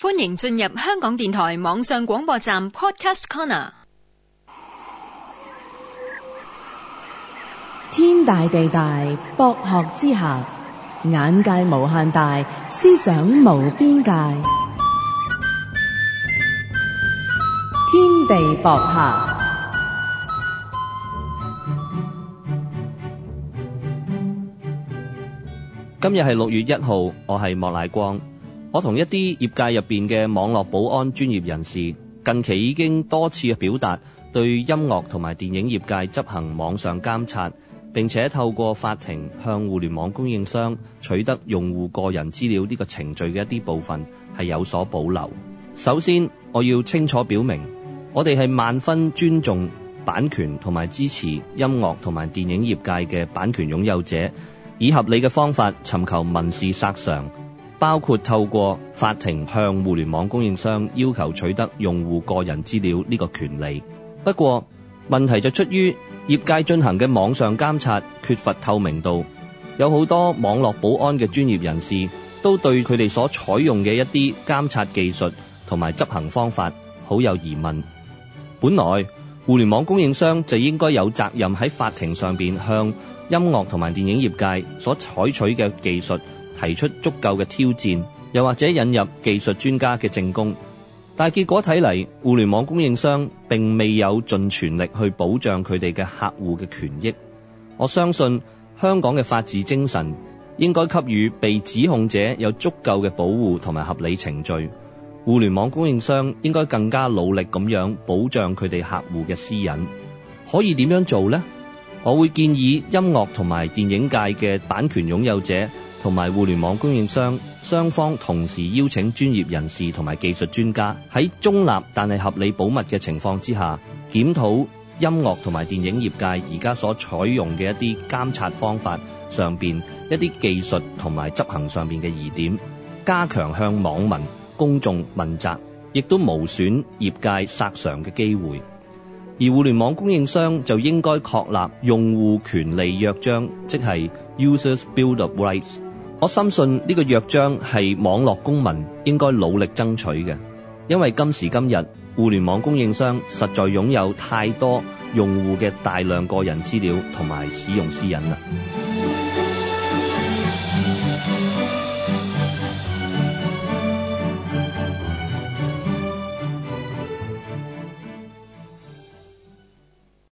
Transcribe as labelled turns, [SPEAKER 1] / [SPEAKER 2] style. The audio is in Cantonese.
[SPEAKER 1] 歡迎進入香港電台網上廣播站 Podcast Corner。天大地大，博學之下，眼界無限大，思想無邊界。天地博客。
[SPEAKER 2] 今日係六月一號，我係莫乃光。我同一啲業界入邊嘅網絡保安專業人士，近期已經多次表達對音樂同埋電影業界執行網上監察，並且透過法庭向互聯網供應商取得用戶個人資料呢個程序嘅一啲部分係有所保留。首先，我要清楚表明，我哋係萬分尊重版權同埋支持音樂同埋電影業界嘅版權擁有者，以合理嘅方法尋求民事索償。包括透過法庭向互聯網供應商要求取得用戶個人資料呢個權利。不過問題就出於業界進行嘅網上監察缺乏透明度，有好多網絡保安嘅專業人士都對佢哋所採用嘅一啲監察技術同埋執行方法好有疑問。本來互聯網供應商就應該有責任喺法庭上邊向音樂同埋電影業界所採取嘅技術，提出足夠嘅挑戰，又或者引入技術專家嘅證供，但係結果睇嚟，互聯網供應商並未有盡全力去保障佢哋嘅客戶嘅權益。我相信香港嘅法治精神應該給予被指控者有足夠嘅保護同埋合理程序。互聯網供應商應該更加努力咁樣保障佢哋客戶嘅私隱。可以點樣做咧？我會建議音樂同埋電影界嘅版權擁有者。同埋互聯網供應商，雙方同時邀請專業人士同埋技術專家，喺中立但係合理保密嘅情況之下，檢討音樂同埋電影業界而家所採用嘅一啲監察方法上面，一啲技術同埋執行上面嘅疑點，加強向網民公眾問責，亦都無損業界索償嘅機會。而互聯網供應商就應該確立用戶權利約章，即係 Users Bill of Rights。我深信呢個約章係網絡公民應該努力爭取嘅，因為今時今日，互聯網供應商實在擁有太多用戶嘅大量個人資料同埋使用私隱啦。